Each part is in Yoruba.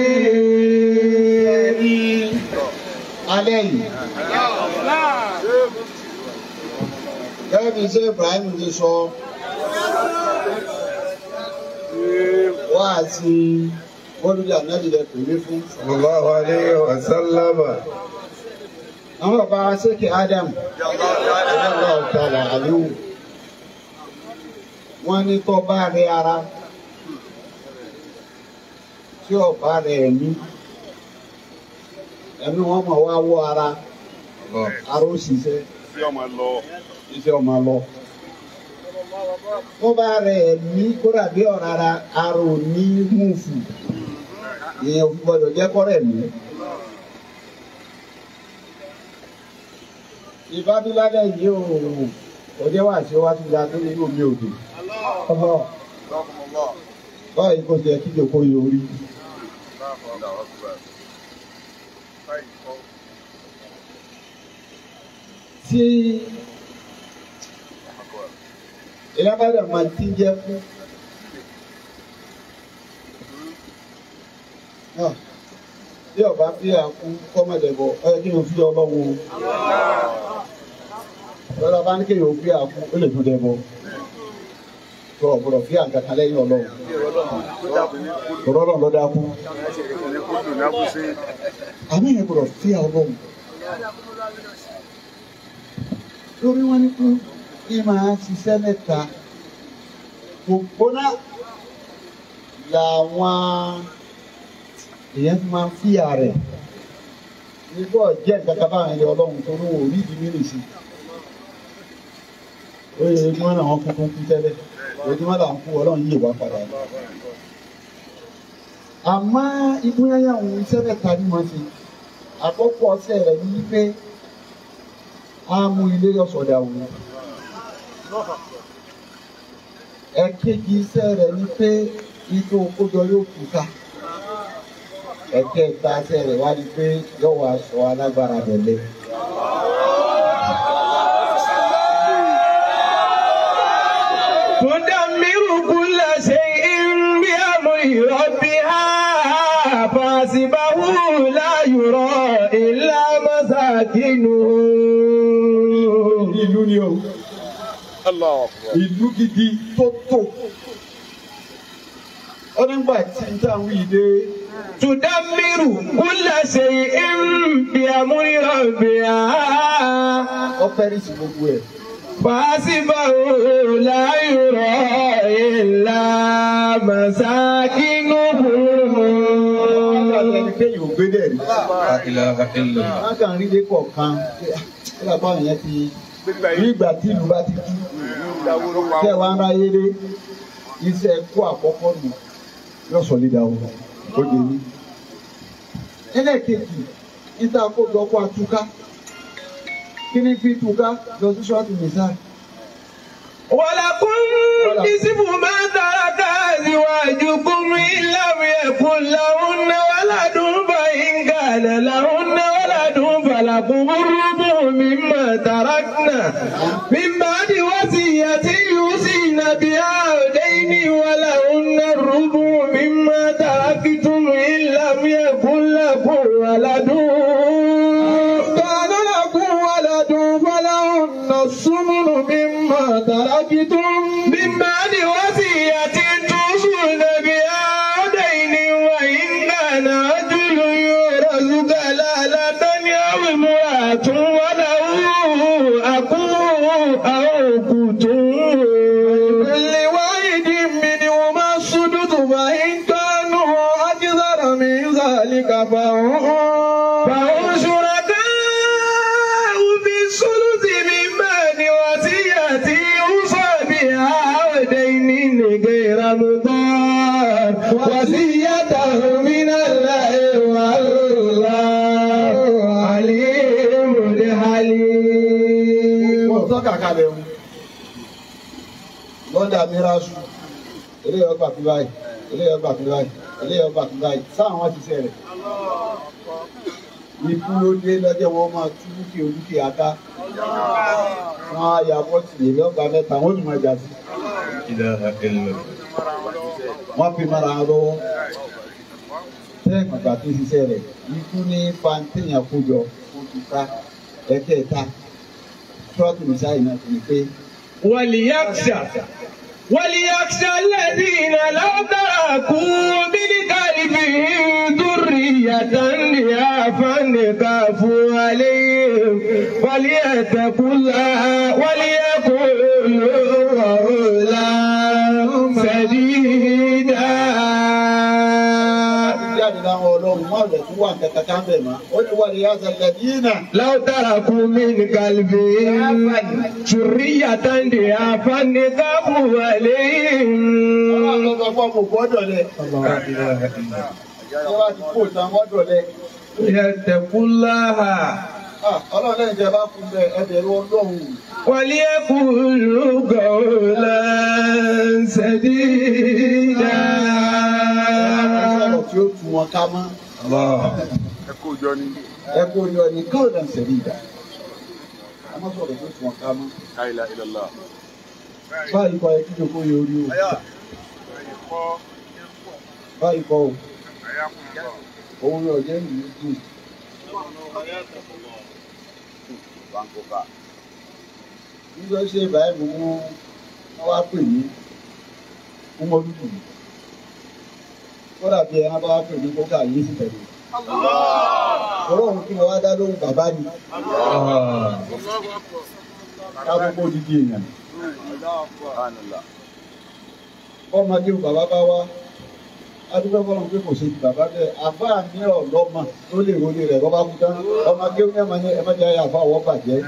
ní alẹ́ yìí. Gẹ́gẹ́ bí iṣẹ́ Ibrahim ti sọ, wá àti olùdí ànádìrẹ kò ní fún. Sallallahu alayhi wa sallam. Àwọn bàbá Ṣékì Adam, Adam náà tààlà àlíwò, wọ́n ní tó bá rí ara kí ọ̀pá rẹ̀ mí ẹ̀mí wọn mọ̀ wá wọ ara ara ó ṣiṣẹ́ iṣẹ́ ọmọ lọ. tó bá rẹ̀ mí kódà bí ọ̀rara ara ò ní múfù ìyẹn òfin gbọdọ̀ jẹ́ kọ́rẹ̀ mí. ìbábíládẹ̀ yìí ò ọjọ́ wà tí ó wá ti da tó nínú omi òdò. báyìí kò jẹ́ kíjòkó yìí orí tí ìlàbàdàn máa ti jẹ́ fún. Ah, bí ọba bí àkú kọ́mọ̀dẹ̀bọ̀ ọ Eh, kí n fi ọba wo. lọ́la bá ní kéèyàn ó bí àkú ó lè tún dẹ̀ bọ̀ tó ọ̀gbọ̀dọ̀ fi àǹkankan lẹ́yìn ọlọ́run ọlọ́run ló dákú. àmì yẹn gbọ́dọ̀ fi ọlọ́run. lórí wọn ni kú kí máa ṣiṣẹ́ mẹ́ta òpónà làwọn èèyàn fi máa ń fíyà rẹ̀ nígbà jẹ́ nǹkan kan báwọn ẹni ọlọ́run tó lówó orí ìdí mìíràn sí i. ó yẹ kí wọ́n náà wọ́n kúkú kú tẹ́lẹ̀ ojúmọ́ là ń kú ọlọ́run yìí wá padà yìí. àmọ́ ibúyáyá òun iṣẹ́ mẹ́ta ni wọ́n ṣe àkọ́kọ́ ọṣẹ rẹ̀ ní wípé a mú ilé yọ̀sọ̀dà òun. ẹ̀kejì iṣẹ́ rẹ̀ ni pé ijó kójọ yóò túká ẹ̀kẹta iṣẹ́ rẹ̀ wá ni pé yọ̀wọ̀ aṣọ alágbára rẹ̀ lé. Good شيء بأمر ربها فاسبه لا يرى إلا مساكنه ìlú ni o ìlú gidi tó tó onígbà tí n ta wí dé. tudammiru kulla shay'in bi amri rabbiha. ọpẹ́ ní sùn gbogbo ẹ̀. فحسبه لا يرى إلا مساكنه kéèyàn gbé dẹ̀ rí. àkìlà àkìlà. wọ́n kàn rí lẹ́kọ̀ọ́ kan nígbà báwọn yẹn ti rí ìgbà tí ìlú bá ti kí. tẹ́ kíní fi tù ká lọ sí ṣọ́ọ̀tù nìsáà. wàlàkùn ní sífù alim. mo tọ́ kàkà lẹ̀ wù lọ́dà mìíràṣù eléyìí ọgbà fi báyìí eléyìí ọgbà fi báyìí eléyìí ọgbà fi báyìí sáwọn ti sẹ̀ ikú ló dé lọ́jọ́ wọn máa tú dúkìá dúkìá ká wọn á yà bọ́ tìlẹ̀ lọ́gbà mẹ́ta wọn ò ní máa jà sí. wọ́n fi mara wọn lọ́wọ́ tẹ́ẹ̀mù àgbà tó ṣiṣẹ́ rẹ̀ ikú ní fantéèyàn kó jọ kó ẹ̀kẹta trọ́tù nìṣá yìí náà fi pé. wàlíyàkṣà wàlíyàkṣà lẹ́dí iná látara kú bíní kálífì dúrí yàtàndì àfàǹdì káfù àlẹ́ wàlíyàtàkùlà wàlíyàtàkùlà. wà kankan kan bẹ̀ mọ́ ó ní wàlẹ̀ yà sàlẹ̀ dínà. láwù tààrà kú mi ní kàlùfẹ́ tùríyà tàǹdì àfààní káàbù wàlẹ̀ yìí. ọlọ́run sọ fún ọmọ òkú ọ̀dọ̀ lẹ. ìjọba ti kó ìtàn ọ̀dọ̀ lẹ. yẹtẹkúláhà. ọlọ́run lẹ́yìn ìjọba kún bẹ́ẹ̀ ẹ bẹ̀rù ọlọ́run. wàlẹ̀ kú lùgọ̀ lẹ́sẹ̀ dídá. ọlọ́run tí ó tu wọn ká ẹ kó jọ ni. ẹ kó jọ ni káwọn náà sẹ̀rí ìdá. a má sọ̀rọ̀ fún fún ọ̀ká mọ́. káyìlá ìlọ́lá. báyìí kọ́ ẹ kí ló kó yẹ orí o. báyìí kọ́ o. òun rẹ̀ ọ̀jẹ̀ ń dùn. nígbà tí ṣe ìbáyìí mú wá pè mí fún ọdún tòun ó dàbí ẹran bá wá pè mí kó gàrí sí pẹ̀lú. ọlọ́run kí wọ́n wá dá lóhùn bàbá ni. ká gbogbo dídí èèyàn. ọmọ kí bàbá bá wá adúgbò fọlọ́n pé kò ṣe ju bàbá bẹ́ẹ̀ àbá mi ọ̀ lọ́mọ tó lè wọlé rẹ̀ bọ́bá kú tán ọmọ kí wọ́n yàmá ní ẹ̀mẹ́jẹ àyàfà bàjẹ́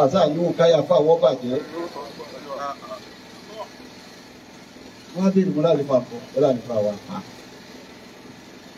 àti àyíwò káyàfà wọ́ bàjẹ́. wọ́n á dé ìmúlá àlefa kọ́ ọ̀là àlefa wa.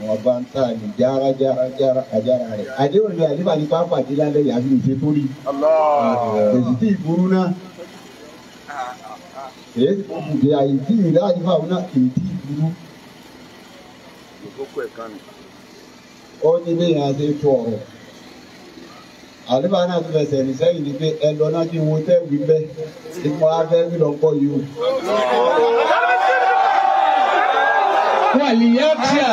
wọn bá ń tà ní jára jara jára àjára rẹ àdéhùn ni àdébà ní pápá àdéhùn alẹ́ yàtí ní ṣe tó rí èsì tí ìburú náà èsì àyè tí ìlà àdébà wọn náà èyí tí ìburú. ó ní bí ìyá ṣe tó ọ̀rọ̀ àdébà náà tún fẹsẹ̀ ní sẹ́yìn ní pé ẹ lọ náà kí n wo tẹ́ wí ipò abẹ́ mi lọ́kọ́ yìí o. Wàlíyá tíà.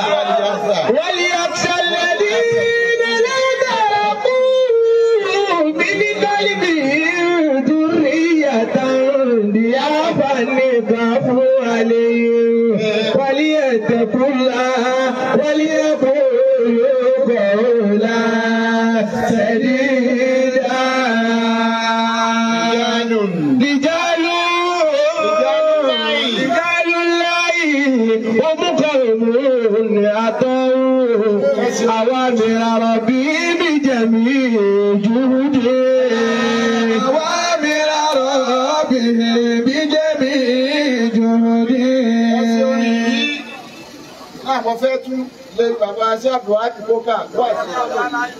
tú lé bàbá aṣẹ́ àbúrádì kókà wáìsí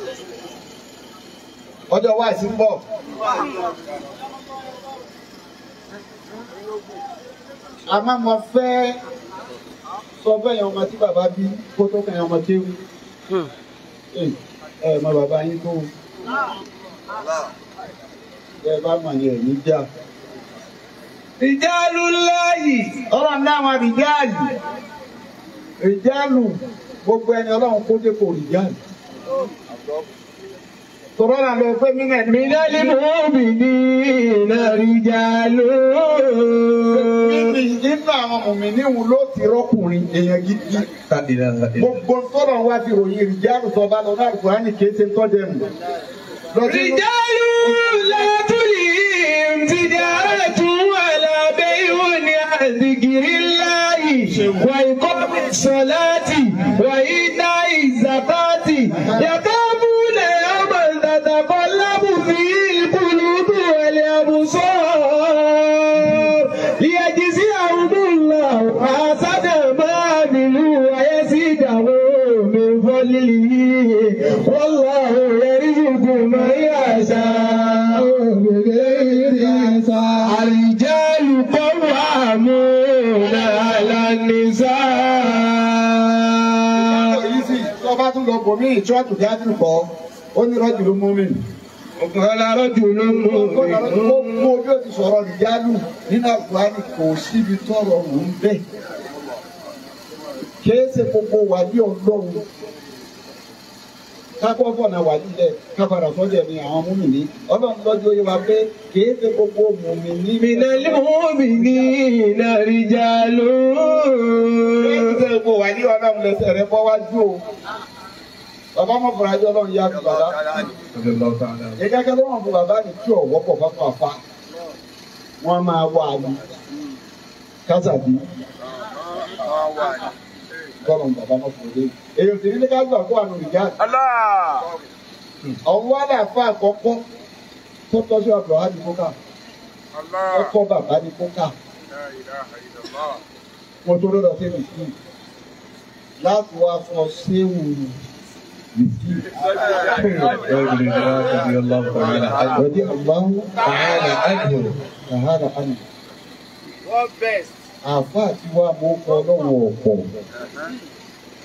ọjọ́ wáìsí ń bọ̀. àmọ́ mo fẹ́ sọ bẹ́ẹ̀ ọmọ tí bàbá bí kó tó kàn ọmọ tí ó ẹ mọ bàbá yín tó ẹ bá mọ̀ yẹn níjà. ìjà lulayi. ọlọ́run náà wọn àbíjà yìí rìjálù gbogbo ẹni ọlọ́run kó dé kò rìjálù. Sọ̀rọ̀ là lọ pé mímọ̀ ẹ̀mí. Mílíọ̀nù mọ́bì ní iná rìjálù. Mímì nínú àwọn mùmìnì wù ló ti rọ́kùnrin èèyàn gidi. Gbogbo sọ̀rọ̀ wa ti ròyìn rìjálù sọ̀bá lọ náà Kùránì kìí ṣe tọ́jẹ̀ nù. Rìjálù látúlì ìmùtìjà rẹ̀ tún wà lábẹ́ ìwọ̀n ní àdìgírí wà ìkọ́ sọ̀láàtì wà ní ìtúwàtò jáde kọ́ ó ní rọ́jù ló mú mi. ọ̀gá rọ́jù ló mú mi. mo bí o ti sọ̀rọ̀ ìyálù nínú àgbáyé kò síbi tọrọ òun bẹ́ẹ̀. kìí ṣe gbogbo wàdí ọlọ́run kápọ̀ bọ̀ náà wà nílẹ̀ kápadà sọ́jà ni àwọn múmi ní ọlọ́run lọ́jọ́ yẹ wa pé kìí ṣe gbogbo múmi ní. minali múmi ní ìnàríjà lóòó. kìí ṣe gbogbo wàdí ọlọ́run lẹ́sẹ̀ rẹ bọ́ wájú o bàbá mọ̀ fúnra jọ lọ́run yá mi bàbá. ìkẹ́kẹ́ tó wọ́n fún bàbá mi tí ò wọ́pọ̀ pápá fa wọ́n máa wá a ní kásàbí tọrọ bàbá mọ̀ fún mi. èyí ò sì ní ní ká gbà kó àánú ìjà. ọ̀wọ́ àlàáfà àkọ́kọ́ tó tọ́jú àbúrò hàbí kókà ọkọ bàbá ní kókà mo tó lọ́dọ̀ sí mi sí láti wá fún ọ séwu. رضي الله تعالى عنه رضي الله تعالى عنه تعالى عنه àfa àti wa mo kọ lọ́wọ́ ọ̀pọ̀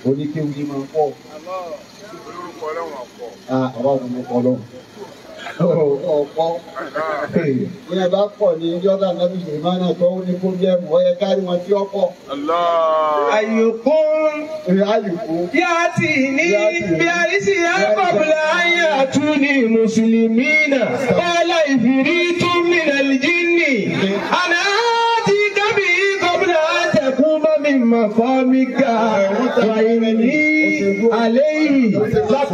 oníkéwu ni máa ń pọ̀ àwọn olùkọ́ lọ́wọ́ ọ̀pọ̀ àwọn olùkọ́ lọ́wọ́ ọ̀pọ̀ bóyá bá pọ̀ ní yọ́dà nàbí sùlùmánà tó ní kó jẹ́ mọ́ kárí wọn tí ó pọ̀. àyùkún bí a ti ní bí a rí sí àkọ́bùlà ayé àtúní mùsùlùmí náà bọ́lá ìfìrí tún mìíràn jínì. àná ti dábì kọ́bùlà àtẹ̀kùn bá mi ga wàyí ní àléyìn lápá.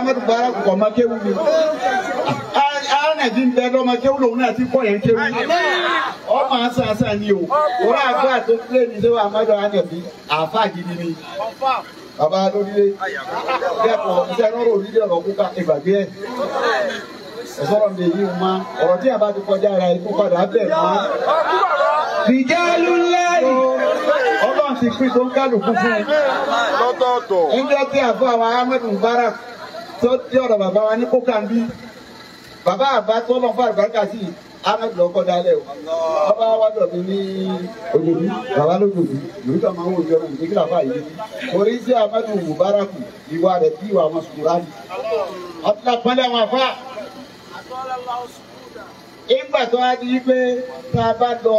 amadu bara kọ ma kéwu mi alanabi bẹ dọ ma kéwu lòun náà ti kọ yẹn kéwu ọmọ asansan ni o wọn àgbà tó kílẹ̀ ní sẹ́wọ̀n amadu anabi àfa gidi ni baba lórílẹ̀ dẹ́kun ọ̀sẹ̀ lọ́rọ̀ orílẹ̀ ọ̀rọ̀ kúkà ìgbàgbé ẹ̀ ọ̀sọ̀rọ̀ mi èyí ma ọ̀rọ̀ tí a bá ti kọjá ara ikú padà bẹ̀ mọ́. Rìjálù lẹ́yìn. Ọlọ́run ti pín tó ń kálukú fún un. Lọ́tọ̀ọ̀tọ̀. Ẹgbẹ́ tí àbọ̀ àwọn Ahmed Mubarak tó dé ọ̀dọ̀ bàbá wa ní kókàndú bàbá àbá tó lọ fún àlùbáríkà sí ahmed lọkọ dalẹ o bàbá wa dọ̀ mí ní òjòbí bàbá lójòbí lórí tó máa ń wò jọrọ nígbà bàbá yìí orí sí ahmed mubarak ìwà rẹ̀ bí ìwà wọn sùkúrà ni ọtúnlá pọnlẹ wọn fà ìgbà tó wá di pé tá a bá lọ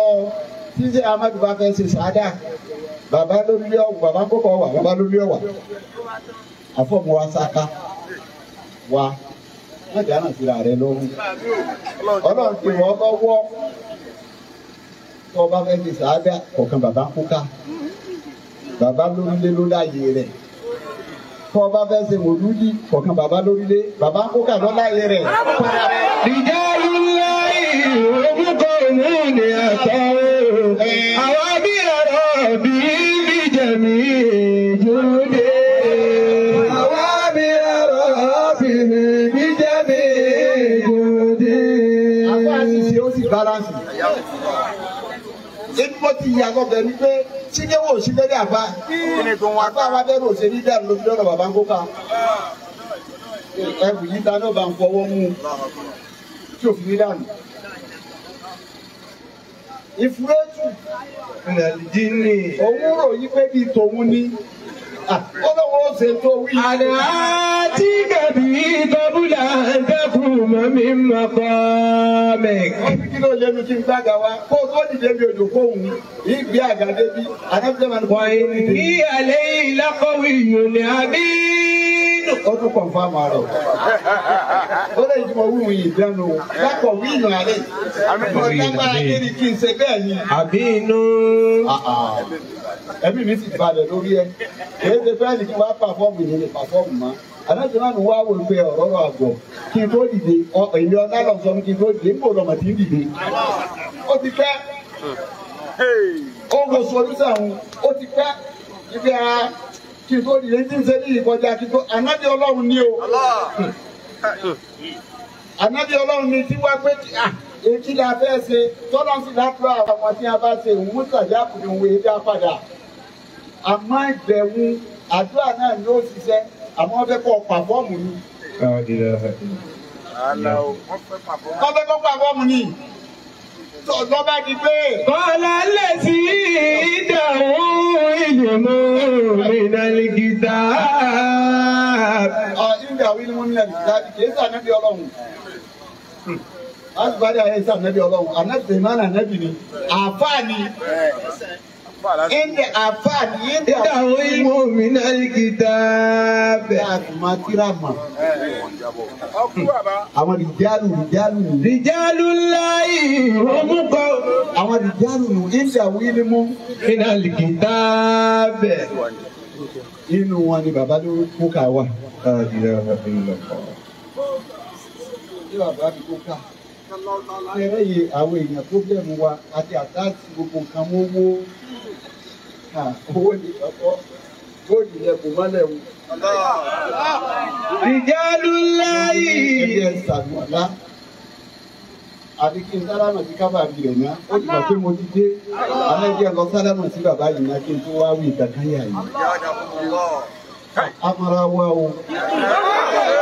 títí amadu bá fẹ́ ṣe sáadà bàbá ló lé ọ̀wà bàbá kókò ọ̀wà bàbá ló lé ọ̀wà àfọ̀mù wa sáká wa má dáná síra rẹ lọ́rùn ọlọ́run ti wọ́n lọ́wọ́ tó bá fẹ́ ti sàádà kọ̀ọ̀kan bàbá kú bàbá lórílé ló láàyè rẹ̀ tó bá fẹ́ ṣe mòlúdì kọ̀ọ̀kan bàbá lórílé bàbá kú ló láàyè rẹ̀ para rẹ̀. ìlú ìròyìn kò ní ìnìyàn sọ àwọn bí ẹ̀rọ bí bí jẹ̀mí. ebi bó ti yà lọ bẹ̀rù pé sídé wò sídé ní àbá àbá wa bẹ̀rù òṣèlú dàrú lójú lọ́rọ̀ bàbá ń kó ká ẹrù yìí dáná bá ń fọwọ́ mú tí òfin ní dànù. ìfúrẹ́jù òun ròyìn pé bíi tòun ní ọlọ́wọ́ ṣe tó wí. àná tí kàbí tọ́bùlà dẹ́kun mọ́ mi mẹ́. wọ́n fi kíló lẹ́nu kí n gbága wa kó o tó dìde mi ò dòkó ìgbé àga débi àdáfẹ́ máa ń bọ́ ẹ. ní alẹ́ ìlàkọ̀wé ìyọ̀nì àbí. ó tún kọ̀ fún àmà rẹ̀ ó lè jùmọ̀ wíwù yìí dánú lápọ̀ wíwù àlẹ́ àbí inú ẹbí mi sì balẹ̀ lórí ẹ èyí ṣe fẹ́ẹ́ ní kí wọ́n á pàfọ́ọ̀mù ìlú ní pàfọ́ọ̀mù mọ́ adájọ́ náà ni wọ́n á wò pé ọ̀rọ̀ rọ̀ àgọ̀ kí n tó dìde èmi ọ̀nà lọ́sọ mi kí n tó dìde níbo lọ́mọ tí ń dìde ó ti pẹ́ ó wo solúsàn ó ti pẹ́ ibi ara kí n tó dìde ní ṣe ní ìkọjá kí n tó ànábì ọlọ́run ní o ànábì ọlọ́run ní tí wọ́n pé èyí la fẹ́ ṣe tọ́lá sí lápá àwọn tí a bá ṣe ìwúsàjà kùnú ìwé dá padà a àmọ́ ìbẹ̀wò àdúrà náà ni ó ṣiṣẹ́ àmọ́ wọ́n fẹ́ kọ́ pàfọ́ọ̀mù ni. wọ́n fẹ́ kọ́ pàfọ́ọ̀mù ni tọ̀dọ̀ bá di pé. Kọ́lá lè sí ìdààmú ìdìmú ìdálé gíga. Ìgbà wo ni mo ní ẹ̀rí ìdájí kìí sí ànábì ọlọ́run? Láti bá dé ayé sí ànábì ọlọ́run, ànábì Sèmánà ànábì ni, àfáà ni. Inde afad yinde awo ilmu minal kitab. Matirama. Àwọn ìjálù ìjálù. Ìjálù láyé òmùkọ. Àwọn ìjálù inde awo ilmu minal kitab. Inú wọn ni bàbá ló kó ká wà. Ní bàbá mi kó ká ẹrẹ yìí àwọn èèyàn tó bẹ̀rù wa àti àtàkì gbogbo nǹkan mọ́wọ́ owó ni ọkọ góòlù yẹn kò má lẹ̀ wù. ìjálù láyì. ẹgbẹ́ ń sàlùwàlá àbí kí n sálámà sí kábà bí ẹ̀ náà ó ti mọ̀ pé mo ti dé alẹ́ díẹ̀ lọ sálámà sí bàbá yìí náà kí n tó wá wí ìgbà kan yà yìí. amara wa o.